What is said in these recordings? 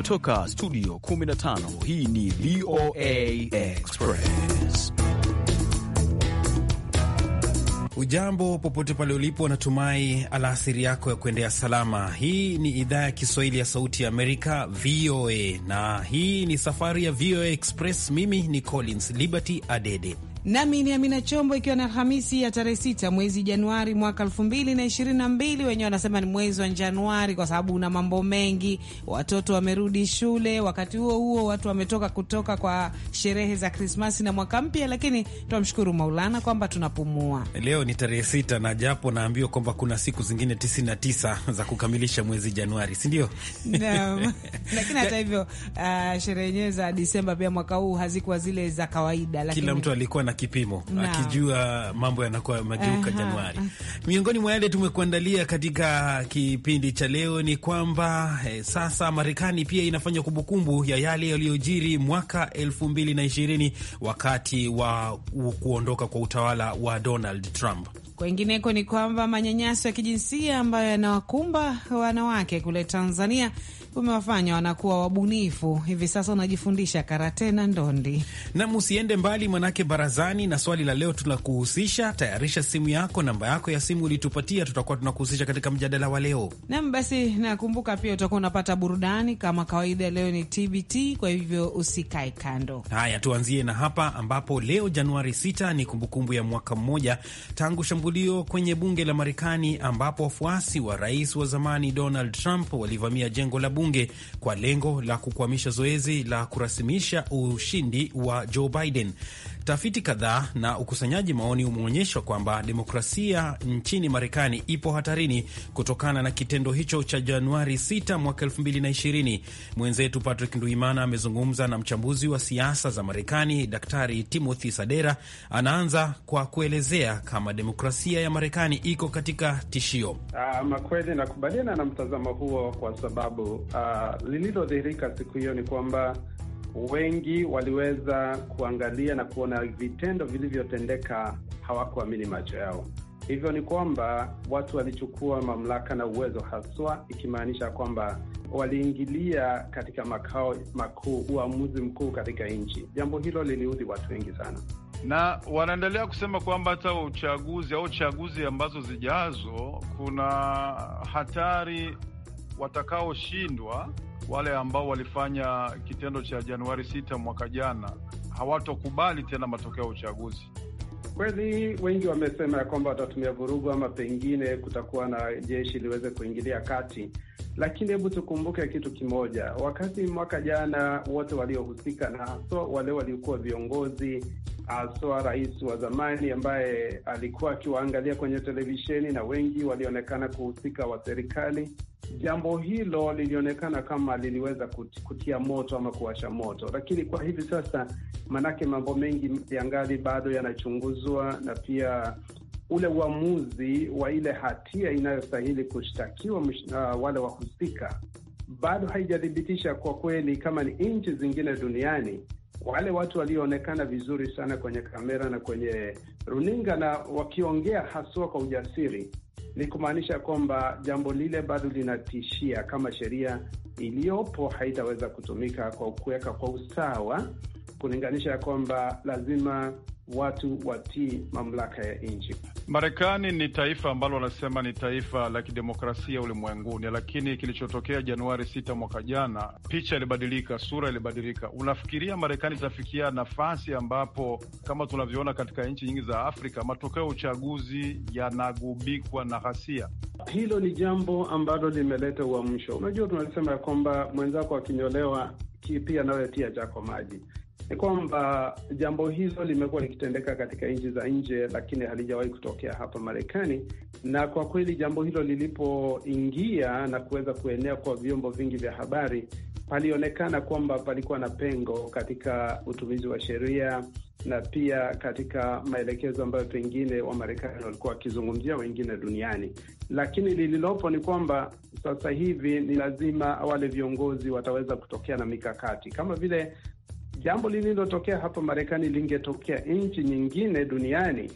Kutoka studio 15 hii ni VOA Express. Ujambo popote pale ulipo, natumai alasiri yako ya kuendea salama. Hii ni idhaa ya Kiswahili ya Sauti ya Amerika, VOA, na hii ni safari ya VOA Express. Mimi ni Collins Liberty Adede nami ni Amina Chombo, ikiwa na Alhamisi ya tarehe sita mwezi Januari mwaka elfu mbili na ishirini na mbili. Wenyewe wanasema ni mwezi wa Januari kwa sababu una mambo mengi. Watoto wamerudi shule, wakati huo huo watu wametoka kutoka kwa sherehe za Krismasi na mwaka mpya, lakini twamshukuru Maulana kwamba tunapumua. Leo ni tarehe sita na japo naambiwa kwamba kuna siku zingine tisini na tisa za kukamilisha mwezi Januari, sindio? Lakini hata hivyo, uh, sherehe yenyewe za Disemba pia mwaka huu hazikuwa zile za kawaida, lakini kila mtu alikuwa na kipimo no. akijua mambo yanakuwa mageuka Januari. Miongoni mwa yale tumekuandalia katika kipindi cha leo ni kwamba eh, sasa Marekani pia inafanya kumbukumbu ya yale yaliyojiri mwaka elfu mbili na ishirini wakati wa kuondoka kwa utawala wa Donald Trump. Kwengineko ni kwamba manyanyaso ya kijinsia ambayo yanawakumba wanawake kule Tanzania umewafanya wanakuwa wabunifu. Hivi sasa unajifundisha karate na ndondi. Na msiende mbali, manake barazani na swali la leo tunakuhusisha. Tayarisha simu yako, namba yako ya simu ulitupatia, tutakuwa tunakuhusisha katika mjadala wa leo. Nam basi, nakumbuka pia utakuwa unapata burudani kama kawaida. Leo ni TBT, kwa hivyo usikae kando. Haya, tuanzie na hapa ambapo leo Januari 6 ni kumbukumbu ya mwaka mmoja tangu shambulio kwenye bunge la Marekani ambapo wafuasi wa rais wa zamani Donald Trump walivamia jengo la bunge bunge kwa lengo la kukwamisha zoezi la kurasimisha ushindi wa Joe Biden. Tafiti kadhaa na ukusanyaji maoni umeonyesha kwamba demokrasia nchini Marekani ipo hatarini kutokana na kitendo hicho cha Januari 6 mwaka 2020. Mwenzetu Patrick Nduimana amezungumza na mchambuzi wa siasa za Marekani Daktari Timothy Sadera. Anaanza kwa kuelezea kama demokrasia ya Marekani iko katika tishio. Uh, nakubaliana na mtazamo huo kwa sababu uh, lililodhihirika siku hiyo ni kwamba wengi waliweza kuangalia na kuona vitendo vilivyotendeka, hawakuamini macho yao. Hivyo ni kwamba watu walichukua mamlaka na uwezo haswa, ikimaanisha kwamba waliingilia katika makao makuu, uamuzi mkuu katika nchi. Jambo hilo liliudhi watu wengi sana, na wanaendelea kusema kwamba hata uchaguzi au chaguzi ambazo zijazo, kuna hatari watakaoshindwa, wale ambao walifanya kitendo cha Januari 6 mwaka jana, hawatokubali tena matokeo ya uchaguzi. Kweli wengi wamesema ya kwamba watatumia vurugu ama pengine kutakuwa na jeshi liweze kuingilia kati, lakini hebu tukumbuke kitu kimoja. Wakati mwaka jana wote waliohusika na haswa wale waliokuwa viongozi, haswa rais wa zamani ambaye alikuwa akiwaangalia kwenye televisheni na wengi walionekana kuhusika wa serikali, jambo hilo lilionekana kama liliweza kutia moto ama kuwasha moto, lakini kwa hivi sasa, maanake mambo mengi yangali bado yanachunguzwa na pia ule uamuzi wa ile hatia inayostahili kushtakiwa uh, wale wahusika bado haijathibitisha kwa kweli, kama ni nchi zingine duniani wale watu walioonekana vizuri sana kwenye kamera na kwenye runinga na wakiongea haswa kwa ujasiri ni kumaanisha kwamba jambo lile bado linatishia kama sheria iliyopo haitaweza kutumika kwa kuweka kwa usawa, kulinganisha kwamba lazima watu watii mamlaka ya nchi. Marekani ni taifa ambalo wanasema ni taifa la kidemokrasia ulimwenguni, lakini kilichotokea Januari 6 mwaka jana, picha ilibadilika, sura ilibadilika. Unafikiria Marekani itafikia nafasi ambapo kama tunavyoona katika nchi nyingi za Afrika matokeo ya uchaguzi yanagubikwa na ghasia? Hilo ni jambo ambalo limeleta uamsho. Unajua, tunalisema ya kwamba mwenzako akinyolewa pia nawe tia jako maji ni kwamba jambo hilo limekuwa likitendeka katika nchi za nje, lakini halijawahi kutokea hapa Marekani. Na kwa kweli jambo hilo lilipoingia na kuweza kuenea kwa vyombo vingi vya habari, palionekana kwamba palikuwa na pengo katika utumizi wa sheria na pia katika maelekezo ambayo pengine Wamarekani walikuwa wakizungumzia wengine duniani. Lakini lililopo ni kwamba sasa hivi ni lazima wale viongozi wataweza kutokea na mikakati kama vile jambo lililotokea hapa Marekani lingetokea nchi nyingine duniani,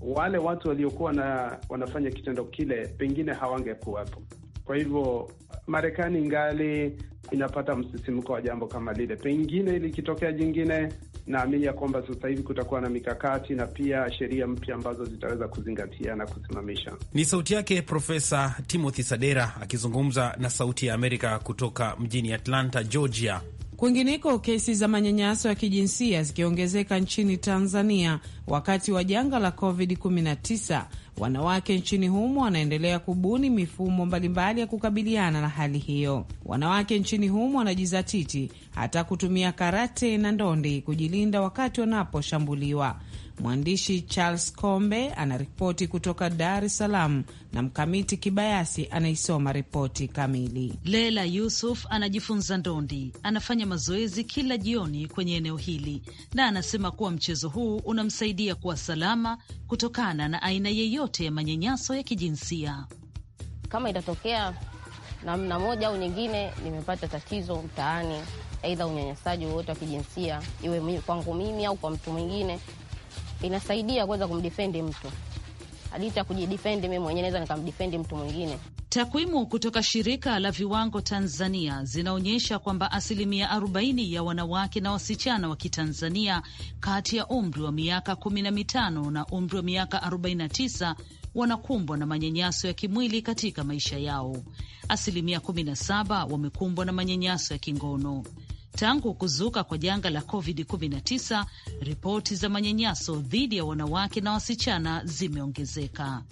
wale watu waliokuwa na wanafanya kitendo kile pengine hawangekuwepo. Kwa hivyo Marekani ngali inapata msisimko wa jambo kama lile. Pengine likitokea jingine, naamini ya kwamba sasa hivi kutakuwa na mikakati na pia sheria mpya ambazo zitaweza kuzingatia na kusimamisha. Ni sauti yake Profesa Timothy Sadera akizungumza na Sauti ya Amerika kutoka mjini Atlanta, Georgia, Kwingineko, kesi za manyanyaso ya kijinsia zikiongezeka nchini Tanzania wakati wa janga la COVID-19 wanawake nchini humo wanaendelea kubuni mifumo mbalimbali ya kukabiliana na hali hiyo. Wanawake nchini humo wanajizatiti hata kutumia karate na ndondi kujilinda wakati wanaposhambuliwa. Mwandishi Charles Kombe anaripoti kutoka Dar es Salaam na Mkamiti Kibayasi anaisoma ripoti kamili. Leila Yusuf anajifunza ndondi, anafanya mazoezi kila jioni kwenye eneo hili, na anasema kuwa mchezo huu unamsaidia kuwa salama kutokana na aina yeyote yoyote ya manyanyaso ya kijinsia. Kama itatokea namna moja au nyingine, nimepata tatizo mtaani, aidha unyanyasaji wowote wa kijinsia, iwe kwangu mimi au kwa mtu mwingine, inasaidia kuweza kumdefendi mtu licha ya kujidefend mi mwenyewe naweza nikamdefend mtu mwingine. Takwimu kutoka shirika la viwango Tanzania zinaonyesha kwamba asilimia 40 ya wanawake na wasichana wa Kitanzania kati ya umri wa miaka 15 na umri wa miaka 49 wanakumbwa na manyanyaso ya kimwili katika maisha yao. Asilimia 17 wamekumbwa na manyanyaso ya kingono tangu kuzuka kwa janga la COVID-19, ripoti za manyanyaso dhidi ya wanawake na wasichana zimeongezeka.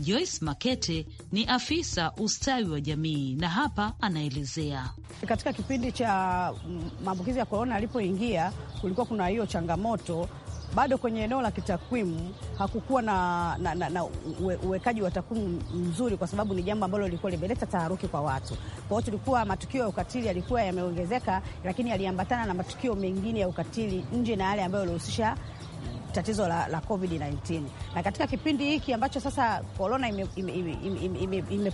Joyce Makete ni afisa ustawi wa jamii na hapa anaelezea. Katika kipindi cha mm, maambukizi ya korona alipoingia, kulikuwa kuna hiyo changamoto bado kwenye eneo la kitakwimu hakukuwa na, na, na, na uwe, uwekaji wa takwimu mzuri, kwa sababu ni jambo ambalo lilikuwa limeleta taharuki kwa watu. Kwa hiyo tulikuwa matukio ya ukatili yalikuwa yameongezeka, lakini yaliambatana na matukio mengine ya ukatili nje na yale ambayo yalihusisha tatizo la, la COVID-19 na katika kipindi hiki ambacho sasa korona imepungua ime, ime, ime, ime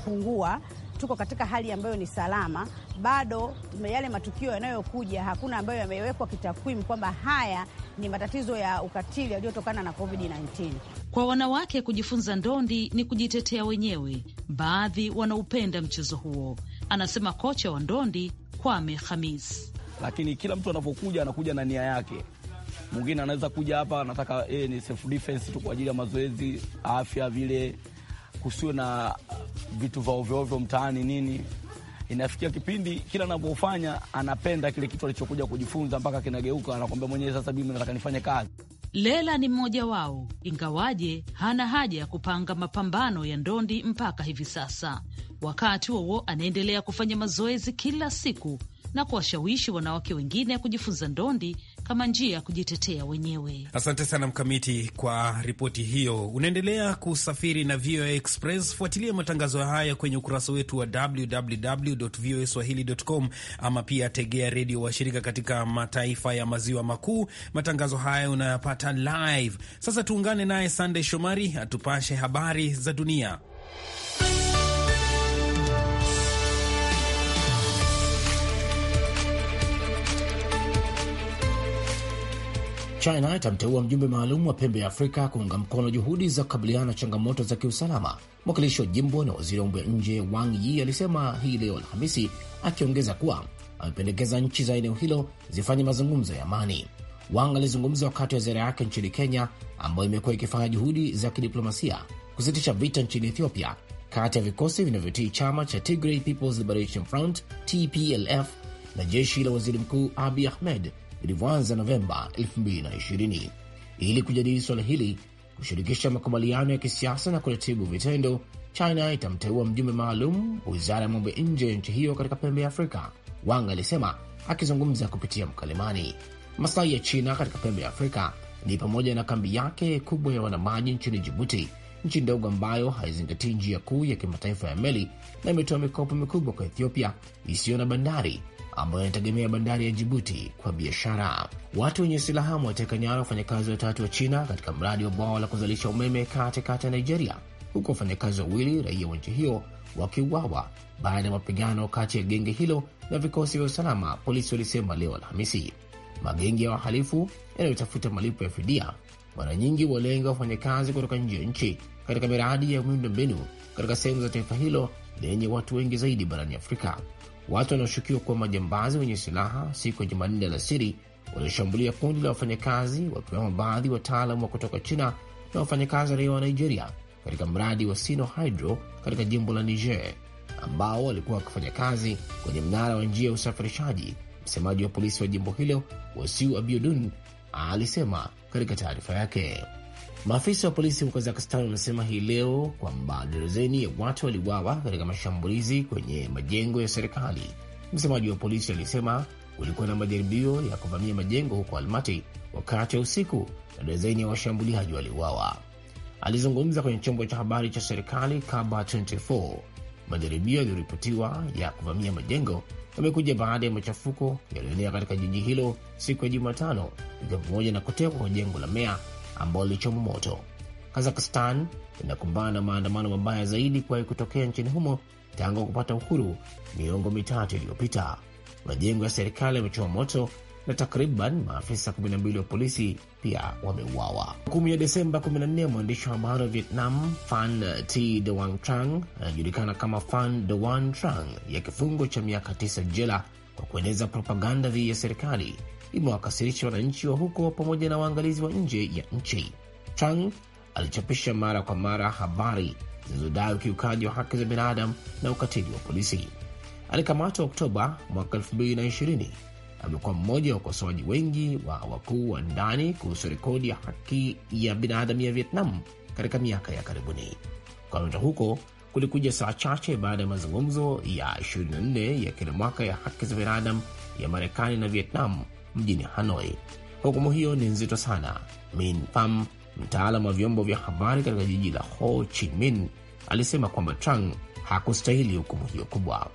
tuko katika hali ambayo ni salama. Bado yale matukio yanayokuja hakuna ambayo yamewekwa kitakwimu kwamba haya ni matatizo ya ukatili yaliyotokana na COVID-19. Kwa wanawake kujifunza ndondi ni kujitetea wenyewe, baadhi wanaupenda mchezo huo, anasema kocha wa ndondi Kwame Khamis. Lakini kila mtu anapokuja anakuja na nia yake. Mwingine anaweza kuja hapa anataka e ni self defense tu kwa ajili ya mazoezi, afya vile, kusiwe na vitu vya ovyoovyo mtaani nini. Inafikia kipindi kila anavyofanya anapenda kile kitu alichokuja kujifunza mpaka kinageuka, anakwambia mwenyewe, sasa mimi nataka nifanye kazi. Lela ni mmoja wao, ingawaje hana haja ya kupanga mapambano ya ndondi mpaka hivi sasa. Wakati huo anaendelea kufanya mazoezi kila siku na kuwashawishi wanawake wengine kujifunza ndondi kama njia ya kujitetea wenyewe. Asante sana Mkamiti kwa ripoti hiyo. Unaendelea kusafiri na VOA Express. Fuatilia matangazo haya kwenye ukurasa wetu wa www voa swahili.com, ama pia tegea redio washirika katika mataifa ya maziwa makuu. Matangazo haya unayapata live. Sasa tuungane naye Sandey Shomari atupashe habari za dunia. China itamteua mjumbe maalum wa pembe ya Afrika kuunga mkono juhudi za kukabiliana na changamoto za kiusalama. Mwakilishi wa jimbo na waziri wa mambo ya nje Wang Yi alisema hii leo Alhamisi, akiongeza kuwa amependekeza nchi za eneo hilo zifanye mazungumzo ya amani. Wang alizungumza wakati wa ziara yake nchini Kenya, ambayo imekuwa ikifanya juhudi za kidiplomasia kusitisha vita nchini Ethiopia kati ya vikosi vinavyotii chama cha Tigray People's Liberation Front TPLF na jeshi la waziri mkuu Abiy Ahmed vilivyoanza Novemba 2020 ili kujadili suala hili, kushirikisha makubaliano ya kisiasa na kuratibu vitendo. China itamteua mjumbe maalum wa wizara ya mambo ya nje ya nchi hiyo katika pembe ya Afrika, Wang alisema akizungumza kupitia mkalimani. Maslahi ya China katika pembe ya Afrika ni pamoja na kambi yake kubwa ya wanamaji nchini Jibuti nchi ndogo ambayo haizingatii njia kuu ya kimataifa ya meli na imetoa mikopo mikubwa kwa Ethiopia isiyo na bandari ambayo inategemea bandari ya Jibuti kwa biashara. Watu wenye silaha wateka nyara wafanyakazi watatu wa China katika mradi wa bwawa la kuzalisha umeme katikati ya Nigeria, huku wafanyakazi wawili raia wa nchi hiyo wakiuawa baada ya mapigano kati ya genge hilo na vikosi vya usalama, polisi walisema leo Alhamisi. Magenge ya wahalifu yanayotafuta malipo ya fidia mara nyingi walenga wafanyakazi kutoka nje ya nchi katika miradi ya miundo mbinu katika sehemu za taifa hilo lenye watu wengi zaidi barani Afrika. Watu wanaoshukiwa kuwa majambazi wenye silaha siku ya Jumanne alasiri walioshambulia kundi la wafanyakazi, wakiwemo baadhi wataalam wa kutoka China na wafanyakazi raia wa Nigeria katika mradi wa Sino Hydro katika jimbo la Niger, ambao walikuwa wakifanya kazi kwenye mnara wa njia ya usafirishaji. Msemaji wa polisi wa jimbo hilo Wasiu Abiodun alisema katika taarifa yake. Maafisa wa polisi wa Kazakistan wamesema hii leo kwamba darazeni ya watu waliuawa katika mashambulizi kwenye majengo ya serikali. Msemaji wa polisi alisema kulikuwa na majaribio ya kuvamia majengo huko Almati wakati wa usiku na darzeni ya washambuliaji waliuawa. Alizungumza kwenye chombo cha habari cha serikali Kaba 24 Majaribio yaliyoripotiwa ya kuvamia majengo yamekuja baada ya machafuko yaliyoenea katika jiji hilo siku ya Jumatano, ikiwa pamoja na kutekwa kwa jengo la meya ambalo lilichoma moto. Kazakistan inakumbana na maandamano mabaya zaidi kuwahi kutokea nchini humo tangu kupata uhuru miongo mitatu iliyopita. Majengo ya serikali yamechoma moto na takriban maafisa 12 wa polisi pia wameuawa. Kumi ya Desemba 14 mwandishi wa habari wa Vietnam Phan T Doan Trang anajulikana kama Phan Doan Trang ya kifungo cha miaka 9 jela kwa kueneza propaganda dhidi ya serikali imewakasirisha wananchi wa huko pamoja na waangalizi wa nje ya nchi. Trang alichapisha mara kwa mara habari zinazodai ukiukaji wa haki za binadamu na ukatili wa polisi. Alikamatwa Oktoba mwaka 2020 amekuwa mmoja wa ukosoaji wengi wa wakuu wa ndani kuhusu rekodi ya haki ya binadamu ya Vietnam katika miaka ya karibuni. Kukamatwa huko kulikuja saa chache baada ya mazungumzo ya 24 ya kila mwaka ya haki za binadamu ya Marekani na Vietnam mjini Hanoi. Hukumu hiyo ni nzito sana. Min Pham, mtaalam wa vyombo vya habari katika jiji la Ho Chi Minh, alisema kwamba Trang hakustahili hukumu hiyo kubwa.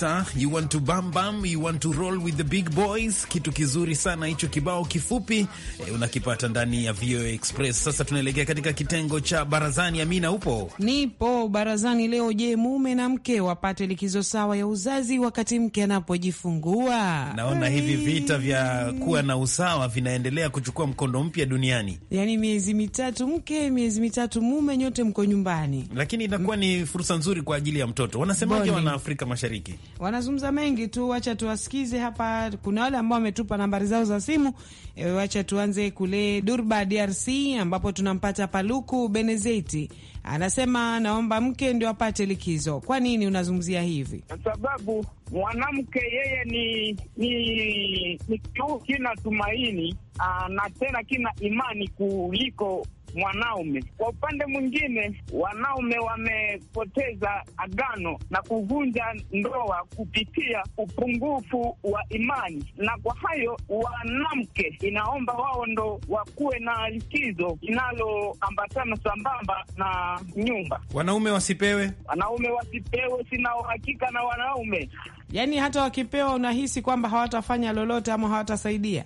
kabisa, you want to bam bam, you want to roll with the big boys. Kitu kizuri sana hicho kibao kifupi e, unakipata ndani ya VOA Express. Sasa tunaelekea katika kitengo cha barazani. Amina, upo? Nipo barazani leo. Je, mume na mke wapate likizo sawa ya uzazi wakati mke anapojifungua? Naona hey, hivi vita vya kuwa na usawa vinaendelea kuchukua mkondo mpya duniani, yani miezi mitatu mke, miezi mitatu mume, nyote mko nyumbani, lakini inakuwa ni fursa nzuri kwa ajili ya mtoto. Wanasemaje wana Afrika Mashariki? wanazungumza mengi tu, wacha tuwasikize hapa. Kuna wale ambao wametupa nambari zao za simu e, wacha tuanze kule Durba, DRC, ambapo tunampata Paluku Benezeti. Anasema naomba mke ndio apate likizo. Kwa nini unazungumzia hivi? Kwa sababu mwanamke yeye ni ni, ni kina tumaini ah, na tena kina imani kuliko mwanaume. Kwa upande mwingine, wanaume wamepoteza agano na kuvunja ndoa kupitia upungufu wa imani, na kwa hayo wanamke inaomba wao ndo wakuwe na likizo linaloambatana sambamba na nyumba. Wanaume wasipewe, wanaume wasipewe, sina uhakika na wanaume Yaani hata wakipewa unahisi kwamba hawatafanya lolote ama hawatasaidia?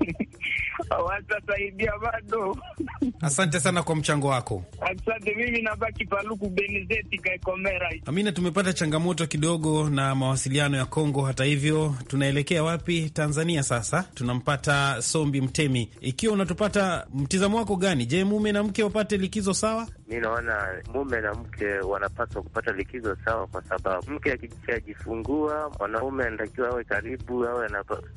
watasaidia bado. Asante sana kwa mchango wako, asante. Mimi nabaki Paluku Benizeti Kaikomera. Amina, tumepata changamoto kidogo na mawasiliano ya Kongo. Hata hivyo, tunaelekea wapi? Tanzania sasa tunampata Sombi Mtemi. Ikiwa unatupata, mtizamo wako gani? Je, mume na mke wapate likizo sawa? mi naona mume na mke wanapaswa kupata likizo sawa, kwa sababu mke akijifungua, mwanaume anatakiwa awe karibu, awe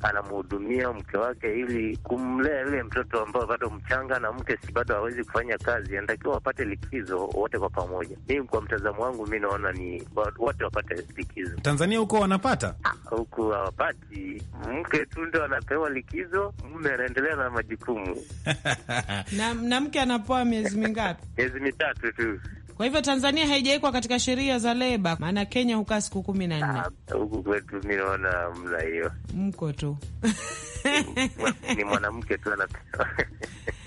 anamhudumia mke wake ili kumlea yule mtoto ambao bado mchanga, na mke si bado hawezi kufanya kazi, anatakiwa wapate likizo wote kwa pamoja. Mi kwa mtazamo wangu, mi naona ni wote wapate likizo. Tanzania huko wanapata, huku hawapati. Mke tu ndo anapewa likizo, mume anaendelea na majukumu na, na mke anapoa miezi mingapi? miezi mitatu tatu tu. Kwa hivyo Tanzania haijawekwa katika sheria za leba, maana Kenya hukaa siku kumi na nne. Ah, huku kwetu mi naona mna hiyo, mko tu ni mwanamke tu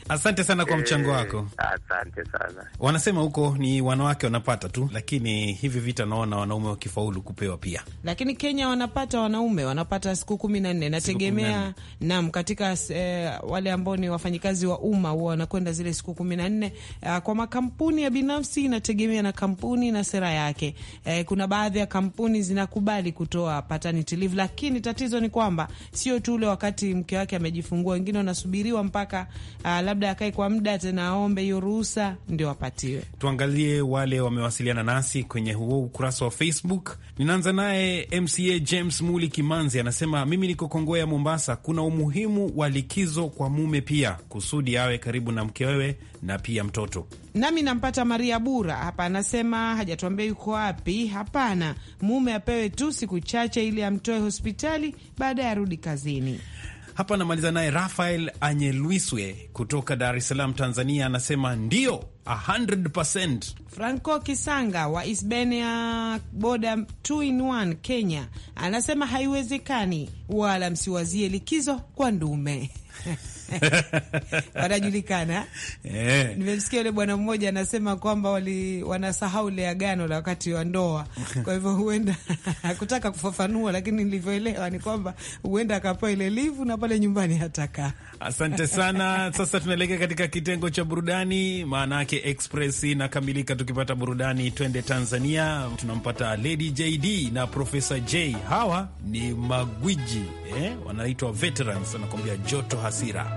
Asante sana kwa mchango eh, wako. Asante sana. Wanasema huko ni wanawake wanapata tu, lakini hivi vita naona wanaume wakifaulu kupewa pia. Lakini Kenya wanapata wanaume wanapata siku kumi na nne nategemea nam katika eh, wale ambao ni wafanyikazi wa umma huwa wanakwenda zile siku kumi na nne eh, kwa makampuni ya binafsi inategemea na kampuni na sera yake. Eh, kuna baadhi ya kampuni zinakubali kutoa paternity leave, lakini tatizo ni kwamba sio tu ule wakati mke wake amejifungua, wengine wanasubiriwa mpaka eh, labda akae kwa muda tena aombe hiyo ruhusa ndio apatiwe. Tuangalie wale wamewasiliana nasi kwenye huo ukurasa wa Facebook. Ninaanza naye MCA James Muli Kimanzi, anasema mimi niko Kongoa ya Mombasa. Kuna umuhimu wa likizo kwa mume pia kusudi awe karibu na mkewe na pia mtoto. Nami nampata Maria Bura hapa, anasema hajatuambia yuko wapi. Hapana, mume apewe tu siku chache ili amtoe hospitali, baadaye arudi kazini. Hapa namaliza naye Rafael Anyelwiswe kutoka Dar es Salaam, Tanzania, anasema ndio 100%. Franco Kisanga wa Isbenia boda 2 in 1 Kenya anasema haiwezekani, wala msiwazie likizo kwa ndume wanajulikana yeah. Nimemsikia yule bwana mmoja anasema kwamba wali wanasahau ile agano la wakati wa ndoa, kwa hivyo huenda hakutaka kufafanua, lakini nilivyoelewa ni kwamba huenda akapewa ile livu na pale nyumbani hataka. Asante sana. Sasa tunaelekea katika kitengo cha burudani, maana yake express inakamilika. Tukipata burudani, twende Tanzania, tunampata Lady JD na Profesa J. Hawa ni magwiji eh? Wanaitwa veterans, anakuambia joto hasira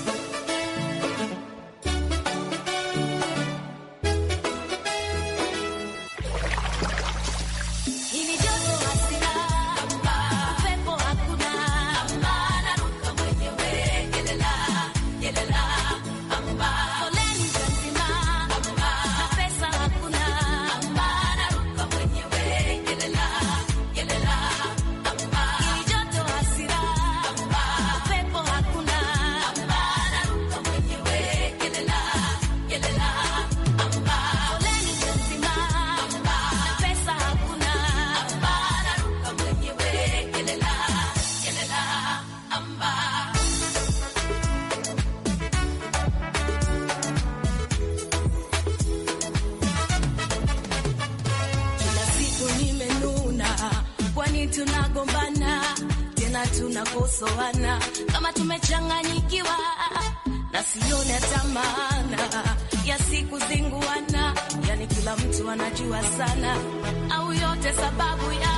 sana au yote sababu ya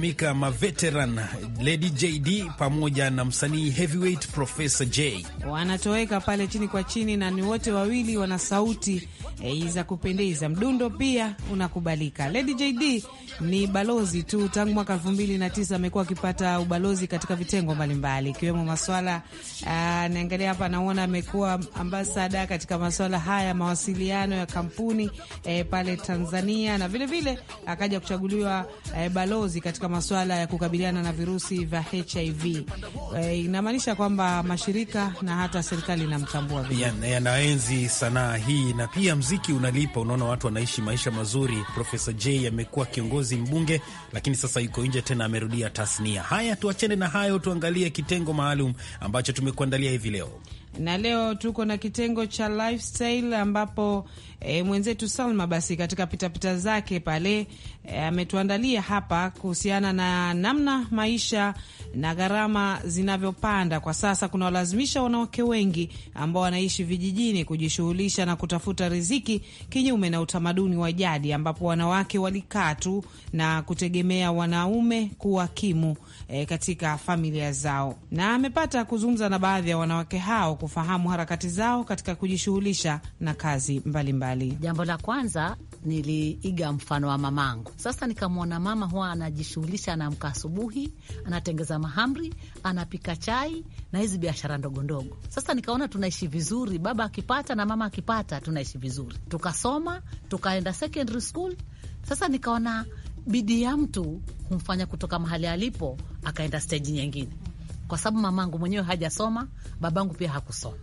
kufahamika maveteran Lady JD pamoja na msanii Heavyweight Professor J wanatoweka pale chini kwa chini, na ni wote wawili wana sauti eh, za kupendeza, mdundo pia unakubalika. Lady JD ni balozi tu. Tangu mwaka elfu mbili na tisa amekuwa akipata ubalozi katika vitengo mbalimbali ikiwemo maswala ah, naangalia hapa, naona amekuwa ambasada katika maswala haya mawasiliano ya kampuni e, pale Tanzania na vilevile akaja kuchaguliwa e, balozi katika maswala ya kukabiliana na virusi vya HIV. E, eh, inamaanisha kwamba mashirika na hata serikali inamtambua vile, yanaenzi sanaa hii na pia mziki unalipa. Unaona watu wanaishi maisha mazuri. Profesa J amekuwa kiongozi kazi mbunge, lakini sasa yuko nje tena, amerudia tasnia. Haya, tuachane na hayo, tuangalie kitengo maalum ambacho tumekuandalia hivi leo na leo tuko na kitengo cha lifestyle ambapo e, mwenzetu Salma basi katika pitapita zake pale eh, ametuandalia e, hapa kuhusiana na namna maisha na gharama zinavyopanda kwa sasa kunawalazimisha wanawake wengi ambao wanaishi vijijini kujishughulisha na kutafuta riziki kinyume na utamaduni wa jadi ambapo wanawake walikaa tu na kutegemea wanaume kuwakimu e, katika familia zao, na amepata kuzungumza na baadhi ya wanawake hao kufahamu harakati zao katika kujishughulisha na kazi mbalimbali mbali. Jambo la kwanza niliiga mfano wa mamangu. Sasa nikamwona mama huwa anajishughulisha, anaamka asubuhi, anatengeza mahamri, anapika chai na hizi biashara ndogondogo. Sasa nikaona tunaishi vizuri, baba akipata na mama akipata, tunaishi vizuri. Tukasoma, tukaenda secondary school. Sasa nikaona bidii ya mtu humfanya kutoka mahali alipo akaenda steji nyingine kwa sababu mamangu mwenyewe hajasoma, babangu pia hakusoma.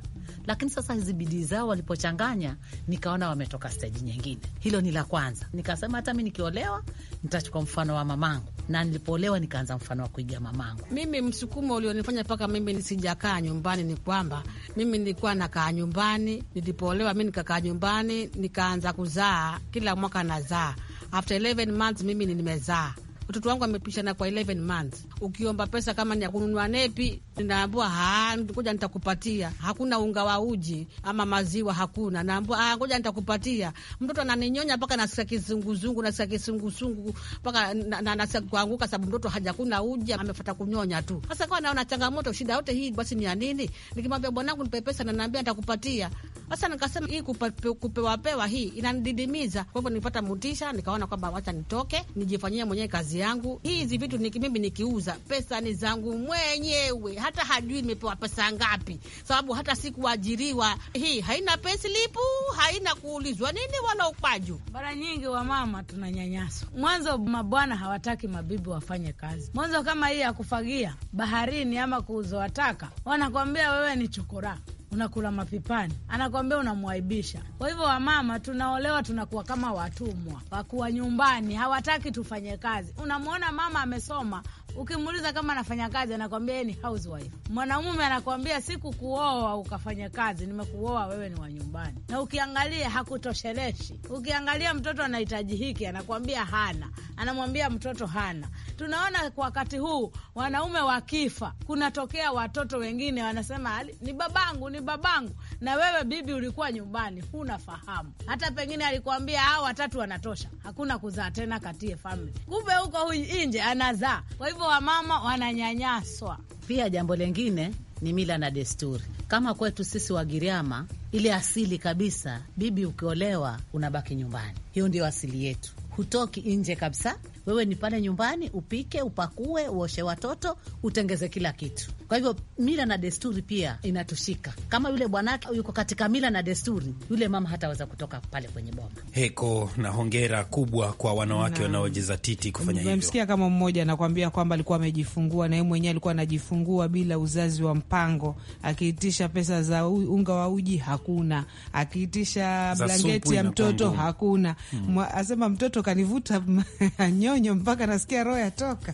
Lakini sasa hizi bidii zao walipochanganya, nikaona wametoka steji nyingine. Hilo ni la kwanza. Nikasema hata mi nikiolewa, nitachukua mfano wa mamangu, na nilipoolewa nikaanza mfano wa kuiga mamangu. Mimi msukumo ulionifanya mpaka mimi nisijakaa nyumbani ni kwamba mimi nilikuwa nakaa nyumbani. Nilipoolewa mi nikakaa nyumbani, nikaanza kuzaa, kila mwaka nazaa. After 11 months mimi nimezaa mtoto wangu amepishana kwa 11 months, ukiomba pesa kama ni ya kununua nepi, naambua ah, ngoja nitakupatia. Hakuna unga wa uji ama maziwa, hakuna. Naambua ah, ngoja nitakupatia. Mtoto ananinyonya mpaka nasikia kizunguzungu, nasikia kizunguzungu mpaka na na, nasikia kuanguka, sababu mtoto hajakuna uji, amefuata kunyonya tu. Sasa kwa naona changamoto, shida yote hii basi ni ya nini? Nikimwambia bwanangu nipe pesa, na naambia nitakupatia. Sasa nikasema hii kupe, kupewa pewa hii inanididimiza. Kwa hivyo nilipata mutisha, nikaona kwamba wacha nitoke nijifanyie mwenyewe kazi kazi yangu hizi vitu niki, mimi nikiuza pesa ni zangu mwenyewe, hata hajui nimepewa pesa ngapi, sababu hata sikuajiriwa. Hii haina pesilipu haina kuulizwa nini wala ukwaju. Mara nyingi wamama tunanyanyaswa. Mwanzo mabwana hawataki mabibi wafanye kazi, mwanzo kama hii ya kufagia baharini ama kuuzoataka, wanakuambia wanakwambia wewe ni chokoraa unakula mapipani, anakuambia unamwaibisha. Kwa hivyo wamama tunaolewa tunakuwa kama watumwa wakuwa nyumbani, hawataki tufanye kazi. Unamwona mama amesoma Ukimuuliza kama anafanya kazi, anakwambia yeye ni housewife. Mwanamume anakwambia sikukuoa ukafanya kazi, nimekuoa wewe ni wa nyumbani. Na ukiangalia hakutosheleshi. Ukiangalia mtoto anahitaji hiki, anakwambia hana, anamwambia mtoto hana. Tunaona kwa wakati huu wanaume wakifa, kunatokea watoto wengine wanasema ni babangu, ni babangu, na wewe bibi ulikuwa nyumbani, huna fahamu. Hata pengine alikuambia hao watatu wanatosha, hakuna kuzaa tena katie famili, kumbe huko nje anazaa. Kwa hivyo wamama wananyanyaswa. Pia jambo lingine ni mila na desturi, kama kwetu sisi Wagiriama ile asili kabisa, bibi ukiolewa unabaki nyumbani. Hiyo ndio asili yetu, hutoki nje kabisa. Wewe ni pale nyumbani upike, upakue, uoshe watoto, utengeze kila kitu. Kwa hivyo mila na desturi pia inatushika. Kama yule bwanake yuko katika mila na desturi, yule mama hataweza kutoka pale kwenye boma. Heko na hongera kubwa kwa wanawake wanaojizatiti kufanya hivyo. Nimemsikia kama mmoja anakuambia kwamba alikuwa amejifungua na yeye mwenyewe alikuwa anajifungua bila uzazi wa mpango, akiitisha pesa za unga wa uji hakuna, akiitisha blangeti ya mtoto hakuna, hmm. asema mtoto kanivuta mnyonyo mpaka nasikia roho yatoka.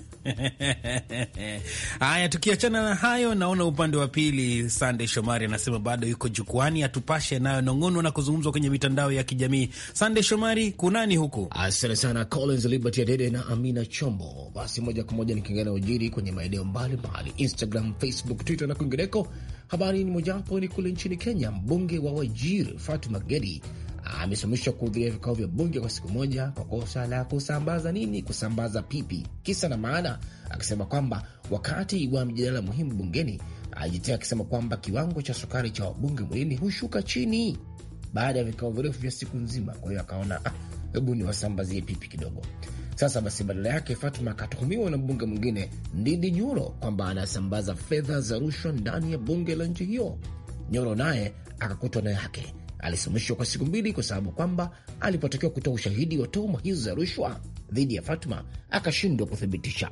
Haya, tukiachana na hayo, naona upande wa pili Sande Shomari anasema bado yuko jukwani, atupashe nayo nong'ono na kuzungumzwa kwenye mitandao ya kijamii. Sande Shomari, kunani huku? Asante sana Collins Liberty Adede na Amina Chombo. Basi moja kwa moja nikiingana ujiri kwenye maeneo mbalimbali, Instagram, Facebook, Twitter na kwingineko. Habari ni mojawapo ni kule nchini Kenya, mbunge wa Wajir Fatuma Gedi amesimamishwa kuhudhuria vikao vya bunge kwa siku moja kwa kosa la kusambaza nini, kusambaza pipi, kisa na maana, akisema kwamba wakati wa mjadala muhimu bungeni, alijitia akisema kwamba kiwango cha sukari cha wabunge mwilini hushuka chini baada ya vikao virefu vya siku nzima. Kwa hiyo akaona ah, hebu ah, niwasambazie pipi kidogo. Sasa basi, badala yake Fatma akatuhumiwa na mbunge mwingine Ndindi Nyoro kwamba anasambaza fedha za rushwa ndani ya bunge la nchi hiyo. Nyoro naye akakutwa na yake alisimamishwa kwa siku mbili kwa sababu kwamba alipotakiwa kutoa ushahidi wa tuhuma hizo za rushwa dhidi ya Fatma akashindwa kuthibitisha.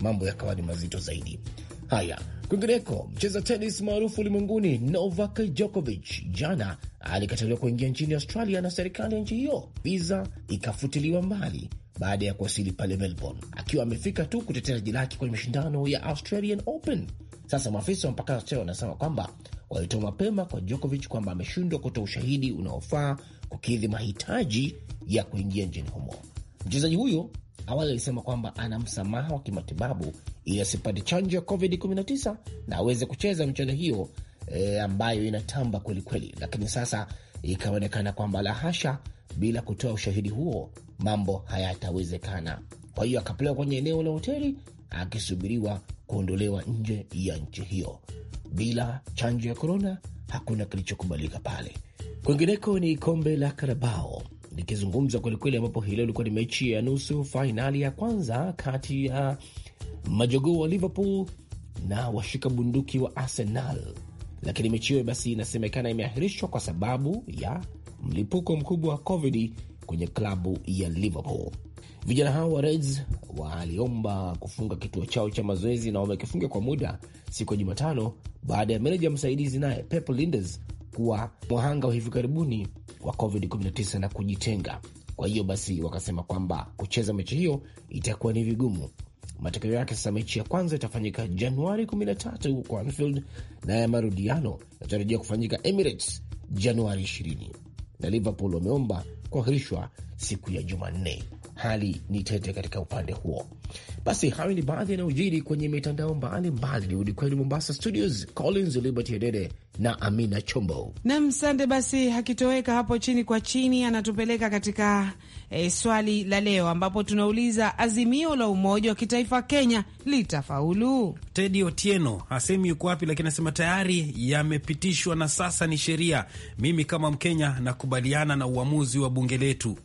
Mambo yakawa ni mazito zaidi. Haya, kwingineko, mcheza tenis maarufu ulimwenguni Novak Djokovic jana alikataliwa kuingia nchini Australia na serikali ya nchi hiyo, viza ikafutiliwa mbali baada ya kuwasili pale Melbourne, akiwa amefika tu kutetea taji lake kwenye mashindano ya Australian Open. Sasa maafisa wa mpaka sasa wanasema kwamba walitoa mapema kwa Djokovic kwamba ameshindwa kutoa ushahidi unaofaa kukidhi mahitaji ya kuingia nchini humo. Mchezaji huyo awali alisema kwamba ana msamaha wa kimatibabu ili asipate chanjo ya COVID-19 na aweze kucheza michezo hiyo e, ambayo inatamba kwelikweli, lakini sasa ikaonekana kwamba la hasha, bila kutoa ushahidi huo mambo hayatawezekana. Kwa hiyo akapelekwa kwenye eneo la hoteli akisubiriwa kuondolewa nje ya nchi hiyo. Bila chanjo ya korona, hakuna kilichokubalika pale. Kwingineko ni kombe la Karabao likizungumza kwelikweli, ambapo hii leo ilikuwa ni mechi ya nusu fainali ya kwanza kati ya majogoo wa Liverpool na washika bunduki wa Arsenal, lakini mechi hiyo basi inasemekana imeahirishwa kwa sababu ya mlipuko mkubwa wa COVID kwenye klabu ya Liverpool. Vijana hao wa Reds waliomba kufunga kituo chao cha mazoezi na wamekifunga kwa muda siku ya Jumatano baada ya meneja msaidizi naye Pep Linders kuwa mwahanga wa hivi karibuni wa COVID-19 na kujitenga. Kwa hiyo basi wakasema kwamba kucheza mechi hiyo itakuwa ni vigumu. Matokeo yake sasa, mechi ya kwanza itafanyika Januari 13 huko Anfield na ya marudiano yatarajia kufanyika Emirates Januari 20, na Liverpool wameomba kuahirishwa siku ya Jumanne hali ni tete katika upande huo. Basi hayo ni baadhi yanayojiri kwenye mitandao mbalimbali. Ni ulikweli Mombasa studios, Collins Liberty Adede na Amina Chombo nam sande. Basi akitoweka hapo chini kwa chini, anatupeleka katika e, swali la leo ambapo tunauliza azimio la umoja wa kitaifa Kenya litafaulu? Tedi Otieno hasemi yuko wapi, lakini anasema tayari yamepitishwa na sasa ni sheria. Mimi kama Mkenya nakubaliana na uamuzi wa bunge letu.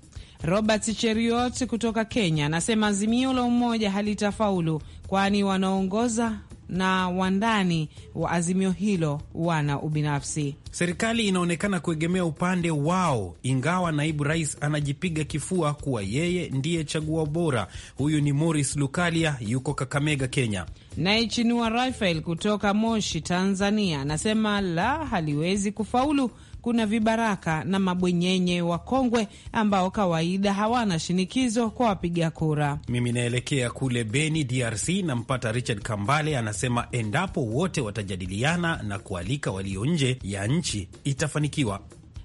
Robert Cheriot kutoka Kenya anasema azimio la umoja halitafaulu, kwani wanaongoza na wandani wa azimio hilo wana ubinafsi. Serikali inaonekana kuegemea upande wao, ingawa naibu rais anajipiga kifua kuwa yeye ndiye chaguo bora. Huyu ni Morris Lukalia, yuko Kakamega, Kenya. Naye Chinua Rafael kutoka Moshi, Tanzania, anasema la, haliwezi kufaulu kuna vibaraka na mabwenyenye wa kongwe ambao kawaida hawana shinikizo kwa wapiga kura. Mimi naelekea kule Beni, DRC, nampata Richard Kambale anasema endapo wote watajadiliana na kualika walio nje ya nchi itafanikiwa.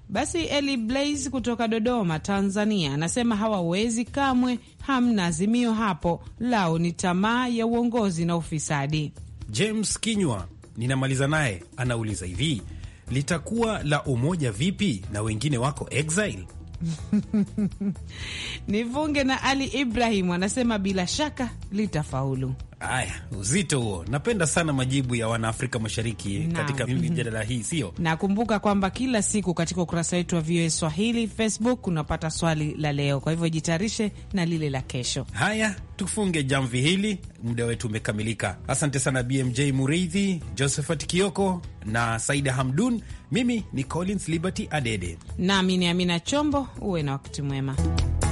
Basi Eli Blaze kutoka Dodoma, Tanzania, anasema hawawezi kamwe, hamna azimio hapo, lao ni tamaa ya uongozi na ufisadi. James Kinywa ninamaliza naye, anauliza hivi litakuwa la umoja vipi na wengine wako exile? Nivunge na Ali Ibrahim anasema bila shaka litafaulu. Haya, uzito huo. Napenda sana majibu ya Wanaafrika Mashariki na katika mhm. mijadala hii, sio? Nakumbuka kwamba kila siku katika ukurasa wetu wa VOA Swahili Facebook unapata swali la leo, kwa hivyo jitayarishe na lile la kesho. Haya, tufunge jamvi hili, muda wetu umekamilika. Asante sana BMJ Muridhi, Josephat Kioko na Saida Hamdun. Mimi ni Collins Liberty Adede nami ni Amina Chombo. Uwe na wakati mwema.